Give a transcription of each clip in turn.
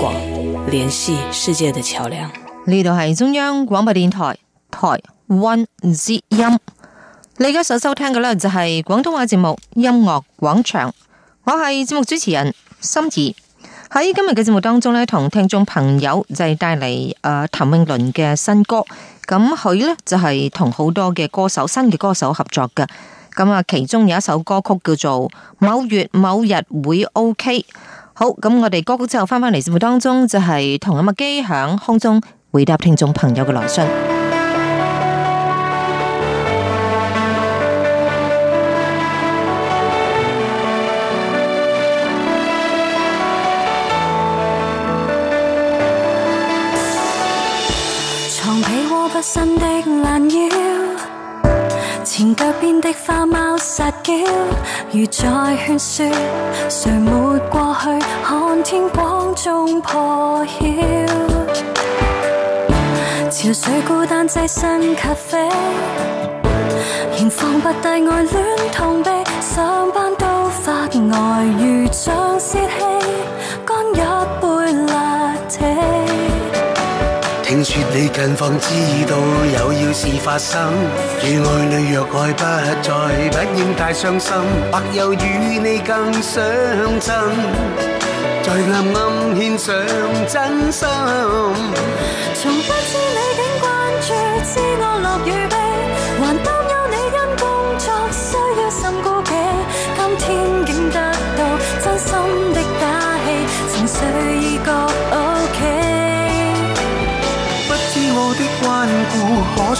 廣聯繫世界的橋樑，呢度係中央廣播電台台灣之音。你而家所收聽嘅呢，就係廣東話節目《音樂廣場》，我係節目主持人心儀。喺今日嘅節目當中呢，同聽眾朋友就係帶嚟，誒，譚詠麟嘅新歌。咁佢呢，就係同好多嘅歌手、新嘅歌手合作嘅。咁啊，其中有一首歌曲叫做《某月某日會 OK》。好，咁我哋歌曲之後翻返嚟節目當中，就係同音樂機響空中回答聽眾朋友嘅來信。床被窩不新的爛雨。前腳邊的花貓撒嬌，如在勸説，誰沒過去看天光中破曉。 潮水，孤單擠身咖啡，仍放不低愛戀痛悲，上班都發呆，如像泄氣，乾一杯拉鐵。說你近況，知道有要事發生。與愛侶若愛不再，不應太傷心。或有與你更相襯，在暗暗獻上真心。從不知你竟關注知我樂與悲，還擔憂你因工作需要甚顧忌，今天竟得到真心。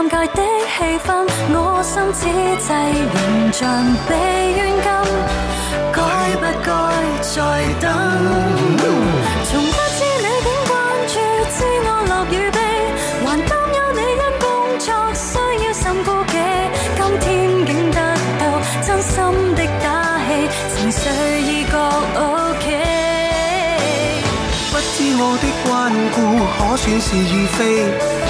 尷尬的氣氛，我心此際仍像被軟禁，該不該再等？從不知你點關注，知我樂與悲，還擔憂你因工作需要甚顧忌。今天竟得到真心的打氣，情緒已覺 O K。不知我的關顧可算是與非？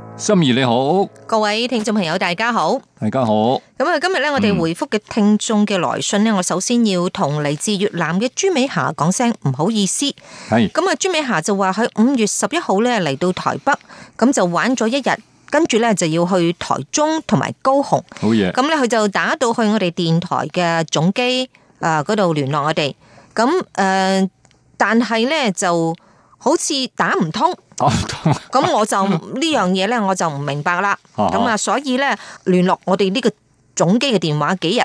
心儀你好，各位聽眾朋友大家好，大家好。咁啊，今日咧我哋回覆嘅聽眾嘅來信呢，嗯、我首先要同嚟自越南嘅朱美霞講聲唔好意思。係是，咁啊，朱美霞就話喺五月十一號咧嚟到台北，咁就玩咗一日，跟住咧就要去台中同埋高雄。好嘢！咁咧佢就打到去我哋電台嘅總機啊嗰度聯絡我哋，咁、呃、誒，但係咧就好似打唔通。咁我就呢樣嘢咧，我就唔明白啦。咁啊，所以咧聯絡我哋呢個總機嘅電話幾日？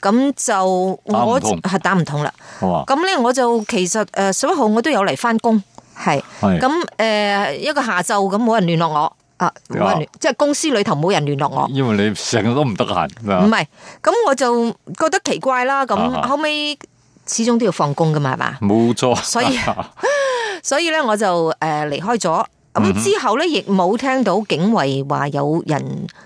咁就我係打唔通啦。咁咧，我就其實誒十一號我都有嚟翻工，係咁誒一個下晝咁冇人聯絡我啊，冇人聯即係公司裏頭冇人聯絡我。因為你成日都唔得閒，唔係咁我就覺得奇怪啦。咁後尾始終都要放工噶嘛，係嘛？冇錯，所以。所以咧，我就誒離開咗。咁、嗯、哼之後咧，亦冇聽到警衛話有人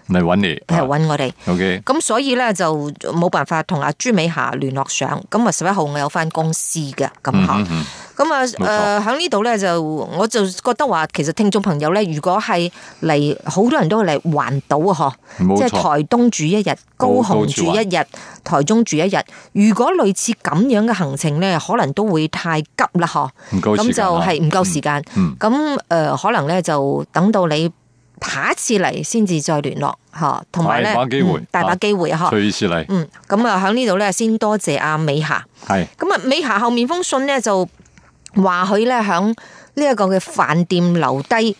嚟揾你，你，係揾我哋。O K、啊。咁所以咧，就冇辦法同阿朱美霞聯絡上。咁啊，十一號我有返公司嘅咁嚇。嗯哼嗯咁啊，誒、嗯，喺呢度咧，就我就覺得話，其實聽眾朋友咧，如果係嚟，好多人都嚟環島啊，嗬錯，即係台東住一日，高雄住一日，台中住一日，如果類似咁樣嘅行程咧，可能都會太急啦，嗬，咁就係唔夠時間，咁誒、嗯嗯嗯，可能咧就等到你下一次嚟先至再聯絡，嗬，同埋咧大把機會、嗯，大把機會啊，隨時嚟，嗯，咁啊，喺呢度咧先多謝阿美霞，係是，咁啊，美霞後面封信咧就。話佢咧喺呢一個嘅飯店留低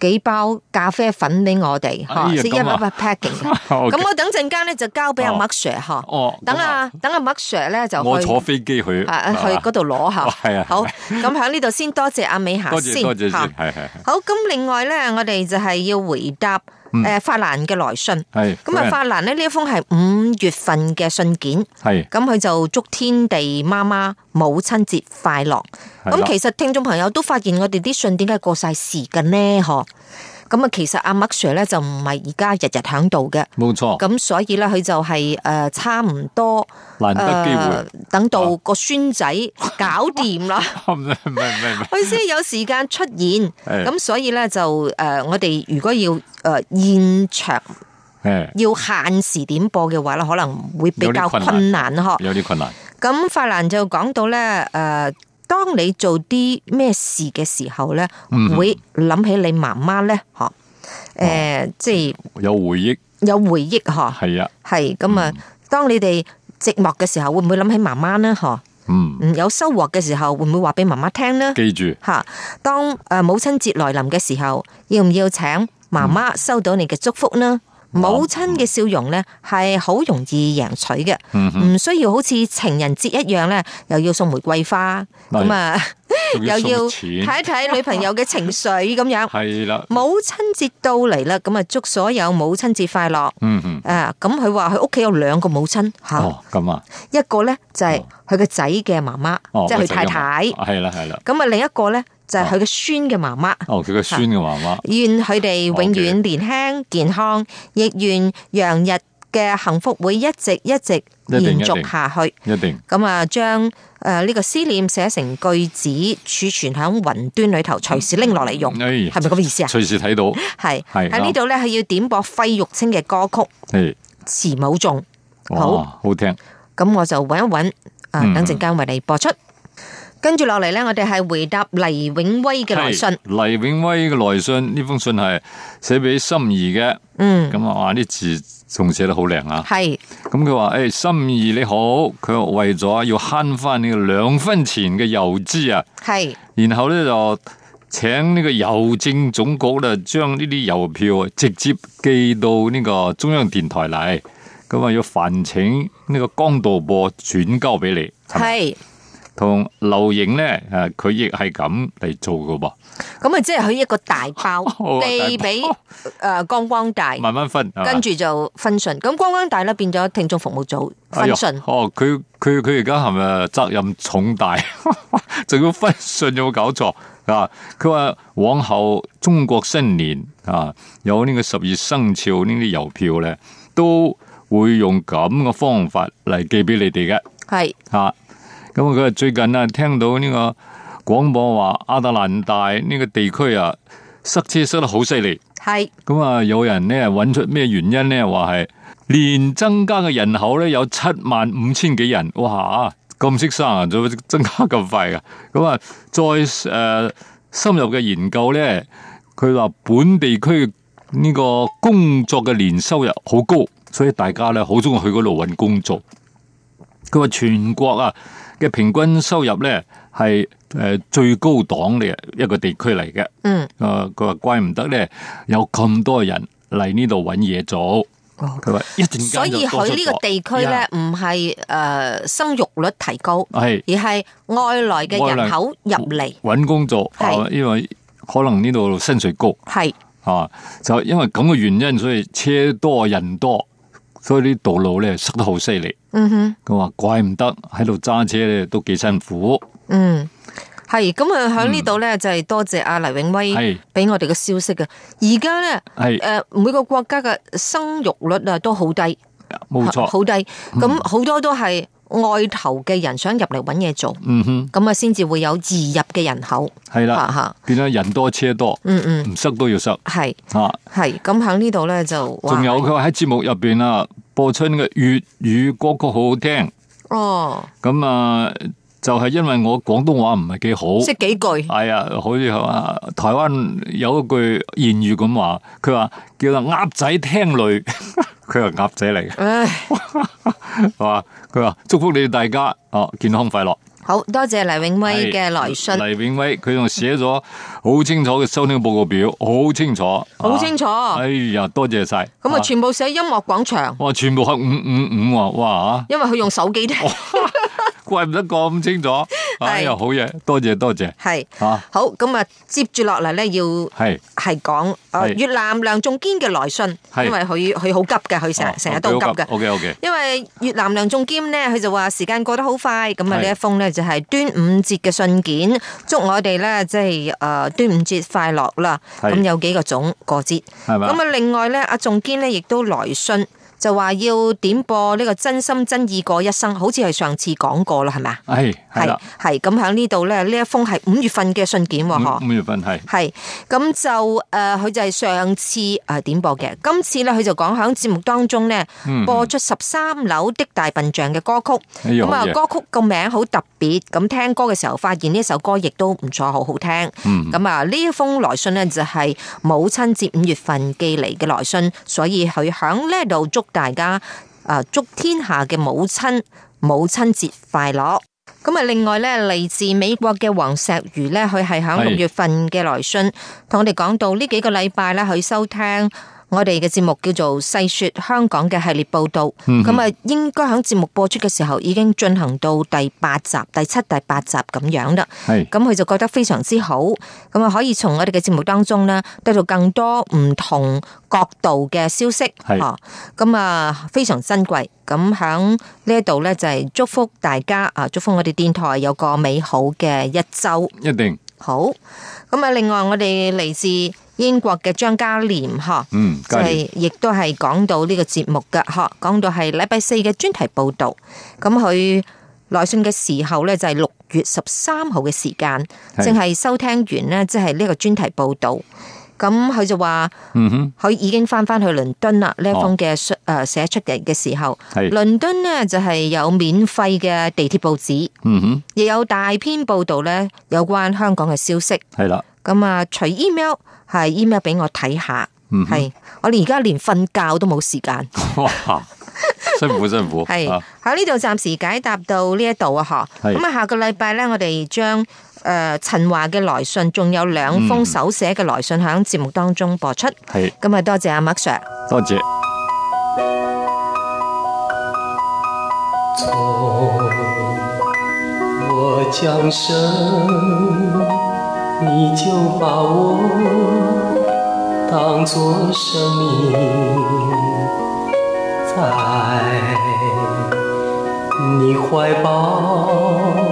幾包咖啡粉俾我哋，吓先一包 pack 嘅。咁我等陣間咧就交俾阿 Mark Sir，吓，等啊等阿 Mark Sir 咧就坐飛機去，去嗰度攞下。係啊，好，咁喺呢度先多謝阿美霞先，係係。好，咁，另外咧我哋就係要回答誒法蘭嘅來信。係，咁啊，法蘭咧呢一封係五月份嘅信件。係，咁佢就祝天地媽媽母親節快樂。咁、嗯、其實聽眾朋友都發現我哋啲信點解過晒時嘅呢？嗬，咁啊，其實阿麥 Sir 咧就唔係而家日日響度嘅，冇錯錯。咁、嗯、所以咧、就是，佢就係誒差唔多難得機會、呃、等到個孫仔搞掂佢先有時間出現。咁 所以咧就誒、呃，我哋如果要誒、呃、現場，的要限時點播嘅話咧，可能會比較困難嗬，有啲困難。咁、嗯、法蘭就講到咧誒。呃當你做啲咩事嘅時候咧，會諗起你媽媽咧，嗬？誒，即係有回憶，有回憶，嗬？係啊，係咁啊。當你哋寂寞嘅時候，會唔會諗起媽媽呢？嗬？嗯，有收穫嘅時候，會唔會話俾媽媽聽呢？記住，吓，當誒母親節來臨嘅時候，要唔要請媽媽收到你嘅祝福呢？母親嘅笑容咧，係好容易贏取嘅，唔需要好似情人節一樣咧，又要送玫瑰花，咁啊，又要睇一睇女朋友嘅情緒咁樣。係啦 的，母親節到嚟啦，咁啊，祝所有母親節快樂、嗯。嗯哼，誒、啊，咁佢話佢屋企有兩個母親吓，咁啊、哦，一個咧就係佢個仔嘅媽媽，即係佢太太，係啦係啦，咁啊，另一個咧。就係佢嘅孫嘅媽媽。哦，佢嘅孫嘅媽媽。願佢哋永遠年輕健康，亦願楊日嘅幸福會一直一直延續下去。一定。咁啊，將誒呢個思念寫成句子，儲存喺雲端裏頭，隨時拎落嚟用。係咪咁意思啊？隨時睇到。係係喺呢度咧，佢要點播費玉清嘅歌曲《是慈母頌》。好好聽。咁我就揾一揾，啊，等陣間為你播出。嗯跟住落嚟咧，我哋係回答黎永威嘅來信。黎永威嘅來信，呢封信係寫俾心儀嘅。嗯，咁啊話啲字仲寫得好靚啊。係、啊，咁佢話誒，心儀、嗯欸、你好，佢為咗要慳翻呢個兩分錢嘅郵資啊。係是，然後咧就請呢個郵政總局咧將呢啲郵票直接寄到呢個中央電台嚟。咁啊要煩請呢個江導播轉交俾你。係。同劉影咧，誒，佢亦係咁嚟做噶噃。咁啊，即係佢一個大包寄俾誒光光大，慢慢分，跟住就分信。咁光光大咧變咗聽眾服務組分信，哎。哦，佢佢佢而家係咪責任重大，仲 要分信有冇搞錯啊？佢話往後中國新年啊，有呢個十二生肖這些郵呢啲郵票咧，都會用咁嘅方法嚟寄俾你哋嘅。係咁啊！佢話最近啊，聽到呢個廣播話，亞特蘭大呢個地區啊塞車塞得好犀利。係咁啊！有人咧揾出咩原因咧？話係年增加嘅人口咧有七萬五千幾人。哇！咁識生啊，就增加咁快嘅。咁啊，再誒深入嘅研究咧，佢話本地區呢個工作嘅年收入好高，所以大家咧好中意去嗰度揾工作。佢話全國啊～嘅平均收入咧係誒最高檔嘅一個地區嚟嘅，嗯，啊佢話怪唔得咧，有咁多人嚟呢度搵嘢做，哦，佢話、嗯、一轉間就多咗，所以佢呢個地區咧唔係誒生育率提高，係 Yeah, 而係外來嘅人口入嚟搵工作，係是因為可能呢度薪水高，係是啊，就因為咁嘅原因，所以車多人多，所以啲道路咧塞得好犀利。嗯哼，佢話怪唔得喺度揸車咧，都幾辛苦。嗯，係咁啊，喺呢度咧就係多謝阿黎永威係俾我哋嘅消息嘅。而家咧係誒，每個國家嘅生育率啊都好低，冇錯，好低。咁好多都係外頭嘅人想入嚟揾嘢做。嗯哼，咁啊先至會有移入嘅人口。係啦，吓變咗人多車多。嗯嗯，唔塞都要塞。係啊，係咁喺呢度咧就仲有佢喺節目入邊啦。播出呢個粵語歌曲好好聽哦，咁啊就係、是、因為我廣東話唔係幾好，識幾句係啊、哎，好似啊台灣有一句諺語咁話，佢話叫做鴨仔聽雷，佢係鴨仔嚟嘅，係嘛、哎？佢話 祝福你哋大家哦，健康快樂。好多謝黎永威嘅來信，黎永威佢仲寫咗好清楚嘅收聽報告表，好 清楚，好清楚。哎呀，多謝晒。咁啊，全部寫音樂廣場。哇，全部係五五五哇，哇。因為佢用手機聽。怪唔得咁清楚，係又好嘢，多謝多謝，係吓好咁啊！接住落嚟咧要係係講啊越南梁仲堅嘅來信，因為佢佢好急嘅，佢成成日都急嘅，OK OK。因為越南梁仲堅咧，佢就話時間過得好快，咁啊呢一封咧就係端午節嘅信件，祝我哋咧即係誒端午節快樂啦。咁有幾個種過節，係嘛？咁啊另外咧，阿仲堅咧亦都來信。就話要點播呢個真心真意過一生，好似係上次講過啦，係咪啊？係係係，咁響呢度咧，呢一封係五,五月份嘅信件喎，五月份係係咁就誒，佢、呃、就係上次誒、呃、點播嘅，今次咧佢就講響節目當中咧，嗯、播出十三樓的大笨象嘅歌曲，咁、哎、呦啊、哎、呦歌曲個名好特別，咁聽歌嘅時候發現呢一首歌亦都唔錯，好好聽，咁、嗯、啊呢一封來信咧就係、是、母親節五月份寄嚟嘅來信，所以佢響呢度祝。大家啊，祝天下嘅母親母親節快樂！咁啊，另外咧，嚟自美國嘅黃石如咧，佢係喺六月份嘅來信，同是我哋講到呢幾個禮拜咧，佢收聽，我哋嘅節目叫做細說香港嘅系列報道，咁啊、嗯、哼應該響節目播出嘅時候已經進行到第八集、第七、第八集咁樣啦。咁是，佢就覺得非常之好，咁啊可以從我哋嘅節目當中呢得到更多唔同角度嘅消息，咁是啊，啊非常珍貴。咁響呢一度呢就係、是、祝福大家啊，祝福我哋電台有個美好嘅一周，一定好。咁啊，另外我哋嚟自英國嘅張嘉廉，嗬、嗯，即係亦都係講到呢個節目嘅，嗬，講到係禮拜四嘅專題報道。咁佢來信嘅時候咧，就係六月十三號嘅時間，正係收聽完呢，即係呢個專題報道。咁佢就話，佢已經翻翻去倫敦啦。呢封嘅誒寫出嘅嘅時候，倫敦，哦，呢就係有免費嘅地鐵報紙，亦有大篇報道呢有關香港嘅消息。係啦，咁啊，除 email 係 email 俾我睇下，係、嗯哼、我哋而家連瞓覺都冇時間。哇，辛苦辛苦。係喺呢度暫時解答到呢一度啊，嗬。咁啊，下個禮拜呢，我哋將。誒，陳華嘅來信，仲有兩封手寫嘅來信響節目當中播出。係、嗯，咁啊多謝阿麥 sir。多謝。從我降生，你就把我當作生命，在你懷抱。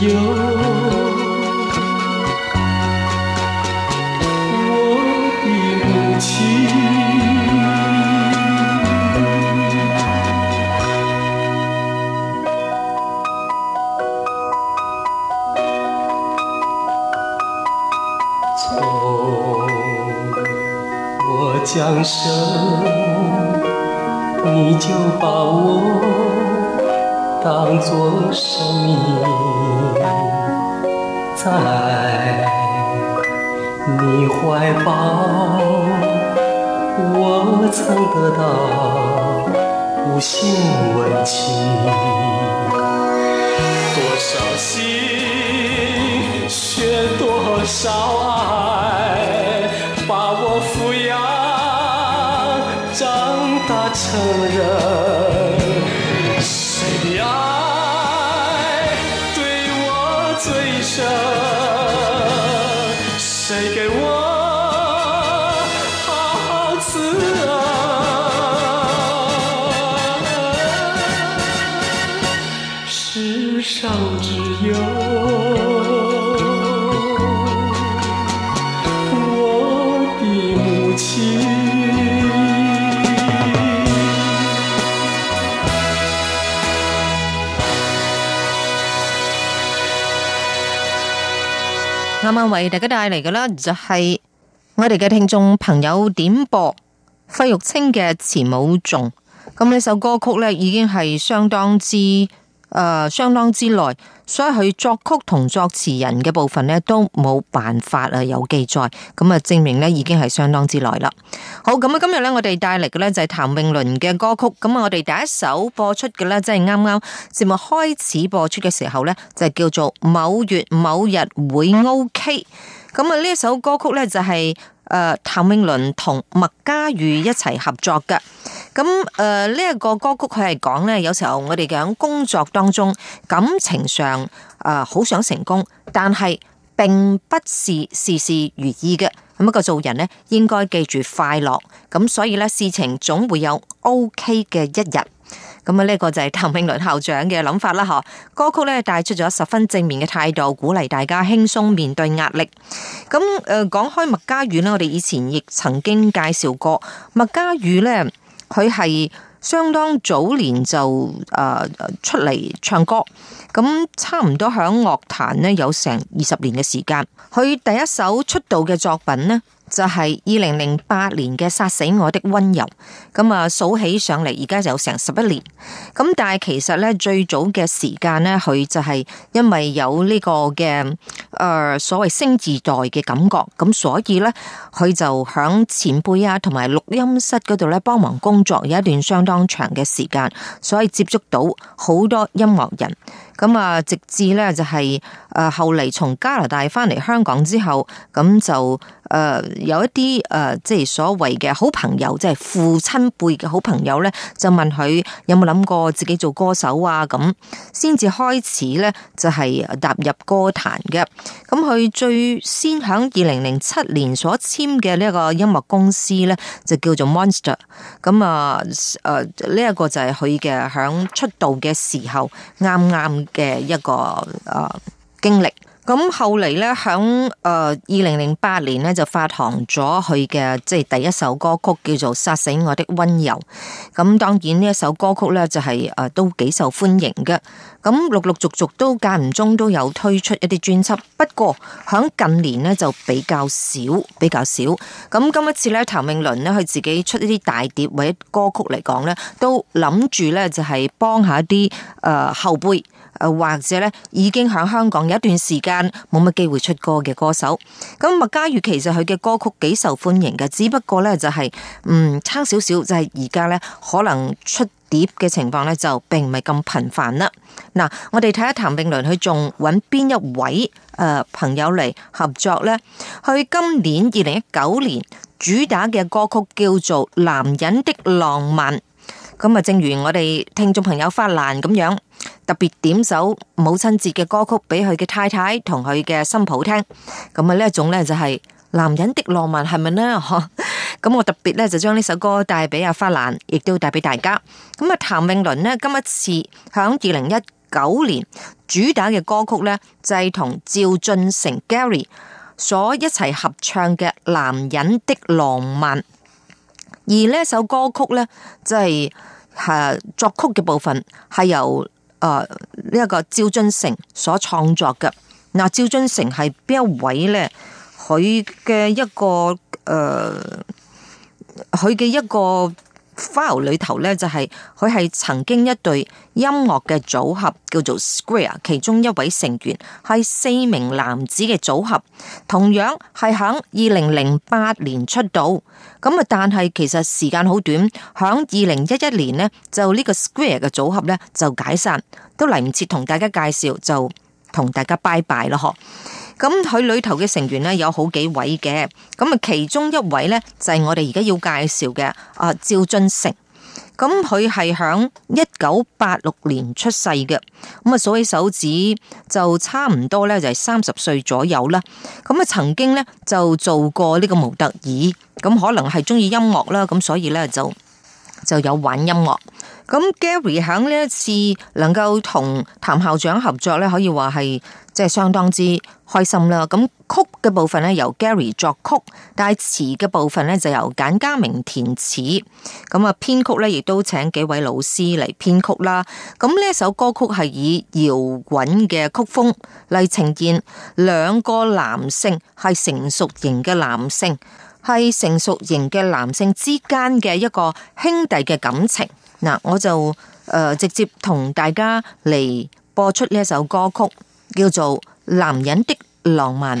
有我的母親，從我降生，你就把我當作生命。在你懷抱，我曾得到無限溫情。多少心血，多少愛，把我撫養長大成人。誰的愛對我最深？今晚為大家帶嚟嘅啦，就係我哋嘅聽眾朋友點播費玉清嘅《慈母頌》，咁呢首歌曲呢，已經係相當之。誒、呃，相當之耐，所以佢作曲同作詞人嘅部分咧，都冇辦法啊有記載，咁啊證明咧已經係相當之耐啦。好，咁啊今日咧我哋帶嚟嘅咧就係譚詠麟嘅歌曲，咁啊我哋第一首播出嘅呢，即係啱啱節目開始播出嘅時候呢，就是、叫做某月某日會 OK，咁啊呢一首歌曲呢，就係誒譚詠麟同麥家瑜一齊合作嘅。咁誒，呢一個歌曲佢係講呢，有時候我哋響工作當中，感情上好想成功，但係並不是事事如意嘅。咁、那、一個做人呢，應該記住快樂。咁所以呢，事情總會有 O K 嘅一日。咁啊，呢個就係譚詠麟校長嘅諗法啦。嗬，歌曲呢帶出咗十分正面嘅態度，鼓勵大家輕鬆面對壓力。咁誒，講開麥家瑜呢，我哋以前亦曾經介紹過麥家瑜呢。佢係相當早年就誒出嚟唱歌。咁差唔多響樂壇呢，有成二十年嘅時間。佢第一首出道嘅作品呢就，就係二零零八年嘅《殺死我的溫柔》。咁啊，數起上嚟，而家就有成十一年。咁但係其實呢，最早嘅時間呢，佢就係因為有呢個嘅誒、呃、所謂星二代嘅感覺，咁所以呢，佢就響前輩啊同埋錄音室嗰度呢，幫忙工作，有一段相當長嘅時間，所以接觸到好多音樂人。咁啊，直至咧就係誒後嚟從加拿大翻嚟香港之後，咁就。誒、呃，有一啲誒、呃，即係所謂嘅好朋友，即係父親輩嘅好朋友咧，就問佢有冇諗過自己做歌手啊？咁先至開始咧，就係、是、踏入歌壇嘅。咁、嗯、佢最先響二零零七年所簽嘅呢一個音樂公司咧，就叫做 Monster、嗯。咁、呃、啊，誒、呃，呢、這個、一個就係佢嘅響出道嘅時候啱啱嘅一個誒經歷。咁後嚟咧，響誒二零零八年咧，就發行咗佢嘅即係第一首歌曲，叫做《殺死我的溫柔》。咁當然呢一首歌曲咧，就係誒都幾受歡迎嘅。咁陸陸續續都間唔中都有推出一啲專輯，不過響近年咧就比較少，比較少。咁今一次咧，譚詠麟呢，佢自己出一啲大碟或者歌曲嚟講咧，都諗住咧就係幫下一啲誒後輩或者咧，已經喺香港有一段時間冇乜機會出歌嘅歌手，咁麥家瑜其實佢嘅歌曲幾受歡迎嘅，只不過呢就係、是，嗯，差少少，就係而家呢可能出碟嘅情況呢就並唔係咁頻繁啦。嗱，我哋睇下譚詠麟佢仲搵邊一位誒朋友嚟合作呢？佢今年二零一九年主打嘅歌曲叫做《男人的浪漫》，咁啊，正如我哋聽眾朋友發爛咁樣。特別點首母親節嘅歌曲俾佢嘅太太同佢嘅新抱聽，咁啊呢一種咧就係男人的浪漫係咪咧？咁我特別咧就將呢首歌帶俾阿花蘭，亦都帶俾大家。咁啊，譚詠麟咧今一次響二零一九年主打嘅歌曲咧就係同趙浚承 Gary 所一齊合唱嘅《男人的浪漫》，而呢一首歌曲咧即係誒作曲嘅部分係由。誒，呢一、呃這個趙浚承所創作嘅，嗱趙浚承係邊一位咧？佢嘅一個誒，佢嘅一個。呃 file 裏頭呢，就是，就係佢係曾經一對音樂嘅組合叫做 Square，其中一位成員係四名男子嘅組合，同樣係響二零零八年出道，咁啊但係其實時間好短，響二零一一年呢，就呢個 Square 嘅組合呢，就解散，都嚟唔切同大家介紹，就同大家拜拜啦。咁佢裏頭嘅成員咧有好幾位嘅，咁啊，其中一位咧就係我哋而家要介紹嘅啊趙浚承。咁佢係響一九八六年出世嘅，咁啊數起手指就差唔多咧，就係三十歲左右啦。咁啊，曾經咧就做過呢個模特兒，咁可能係中意音樂啦，咁所以咧就就有玩音樂。咁 Gary 喺呢一次能夠同譚校長合作咧，可以話係即係相當之開心啦。咁曲嘅部分咧，由 Gary 作曲，但係詞嘅部分咧就由簡嘉明填詞。咁啊，編曲咧亦都請幾位老師嚟編曲啦。咁呢首歌曲係以搖滾嘅曲風嚟呈現兩個男性係成熟型嘅男性係成熟型嘅男性之間嘅一個兄弟嘅感情。嗱，我就誒直接同大家嚟播出呢一首歌曲，叫做《男人的浪漫》。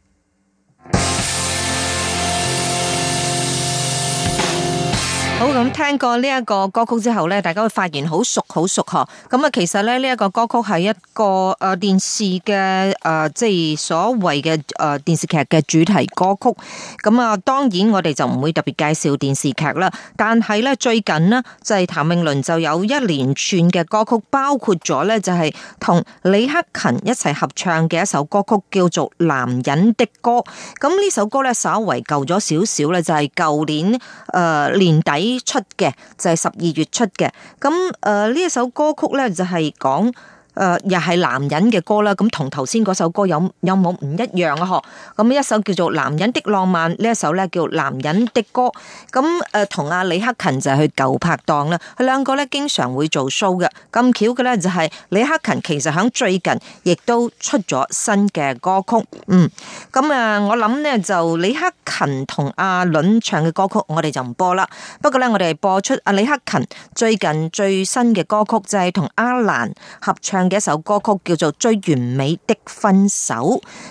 好，咁聽過呢一個歌曲之後咧，大家會發現好熟好熟嗬。咁啊，其實咧呢一個歌曲係一個誒電視嘅誒即係所謂嘅誒電視劇嘅主題歌曲。咁啊，當然我哋就唔會特別介紹電視劇啦。但係咧最近咧就係譚詠麟就有一連串嘅歌曲，包括咗咧就係同李克勤一齊合唱嘅一首歌曲，叫做《男人的歌》。咁呢首歌咧稍為舊咗少少咧，就係、是、舊年誒、呃、年底。出嘅就係十二月出嘅。咁，誒呢一首歌曲咧就係講。誒、呃，又係男人嘅歌啦，咁同頭先嗰首歌有有冇唔一樣啊？嗬，咁一首叫做《男人的浪漫》，呢一首咧叫《男人的歌》。咁誒，同、呃、阿李克勤就係去舊拍檔啦。佢兩個咧經常會做 show 嘅。咁巧嘅咧就係、是、李克勤其實響最近亦都出咗新嘅歌曲。嗯，咁啊，我諗咧就李克勤同阿倫唱嘅歌曲，我哋就唔播啦。不過咧，我哋播出阿李克勤最近最新嘅歌曲，就係、是、同阿蘭合唱嘅一首歌曲叫做《最完美的分手》，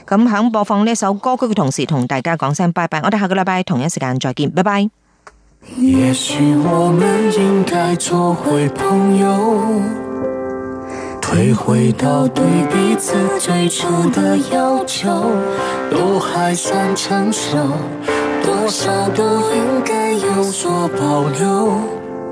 咁響播放呢首歌曲嘅同時，同大家講聲拜拜。我哋下個禮拜同一時間再見，拜拜。也許我們應該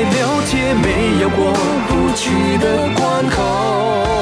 了解，沒有過不去的關口。